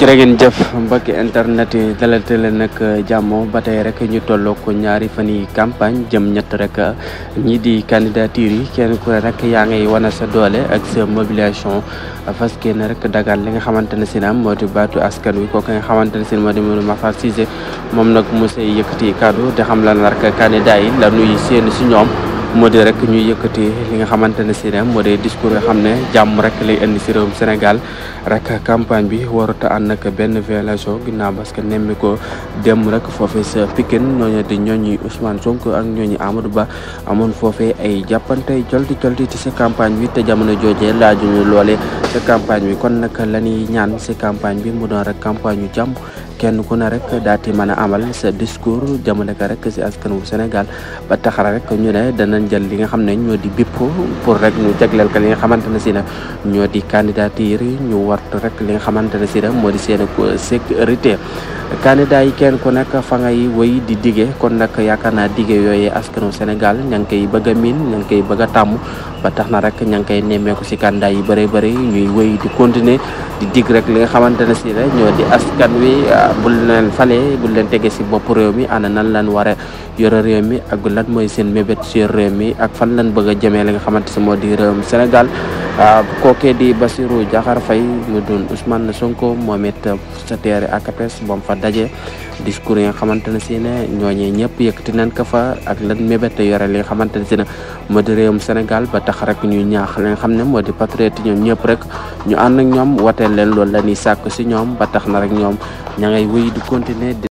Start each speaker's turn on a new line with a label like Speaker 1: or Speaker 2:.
Speaker 1: jërë ngeen jëf mbokk internet yi dalal leen nag jàmmoo ba tey rek ñu tolloo ko ñaari fan yi campagne jëm ñett rek ñii di candidature yi kenn ku rek yaa ngay wana sa doole ak sa mobilisation fas kenn rek dagaan li nga xamante ne si naam moo ti baatu askan wi kooku nga xamante ne si moo di Mamadou Makhtar Cissé moom nag mos a yëkkati kaddu te xam lan rek candidat yi la nuyu seen si ñoom. moo di eh? rek ñuy yëkkati li nga xamante ne si ne moo di discours nga xam ne jàmm rek lay indi si réewum Sénégal rek campagne bi warut a ànd ak benn violation ginnaaw parce que nemmi ko dem rek foofee sa pikin ñooñu di ñooñu Ousmane Sonko ak ñooñu Amadou Ba amoon foofee ay jàppante jolti jolti ci sa campagne bi te jamono joojee laaju ñu loole sa campagne bi kon nag la ñuy ñaan sa campagne bi mu doon rek campagne yu jàmm kenn ku ne rek daal di mën a amal sa discours jamono ko rek si askan wu Sénégal ba taxara rek ñu ne danañ jël li nga xam ne ñoo di bipp pour rek ñu jagleel ko li nga xamante ne si na ñoo di candidature ñu war rek li nga xamante ne si na moo di seen sécurité Canada yi kenn ku nekk fa nga yi wëy di diggee kon nag yaakaar naa digge yooyee askanu Sénégal ña ngi koy bëgg a miin ña ngi koy bëgg a ba tax rek ña ngi koy nemmeeku si Canada yi bëree bëri ñuy wëy di continuer di digg rek li nga xamante ne si la ñoo di askan wi bu leen falee bu leen tegee si bopp réew mi ana nan lan war a yore réew mi ak lan mooy seen mébét si réew mi ak fan lan bëgg a li nga xamante si di réew mi Sénégal. kookee di Basirou Diakhar Faye mu doon Ousmane Sonko moom it sa teere AKPS daje discours yi nga xamante ne si ne ñooñee ñëpp yëkkati nañ ko fa ak lan mébét yore li nga xamante ne si ne moo di réewum Sénégal ba tax rek ñu ñaax li nga xam ne moo di patriote ñoom ñëpp rek ñu ànd ak ñoom wateel leen lool la ñuy si ñoom ba tax na rek ñoom ña wéy di continuer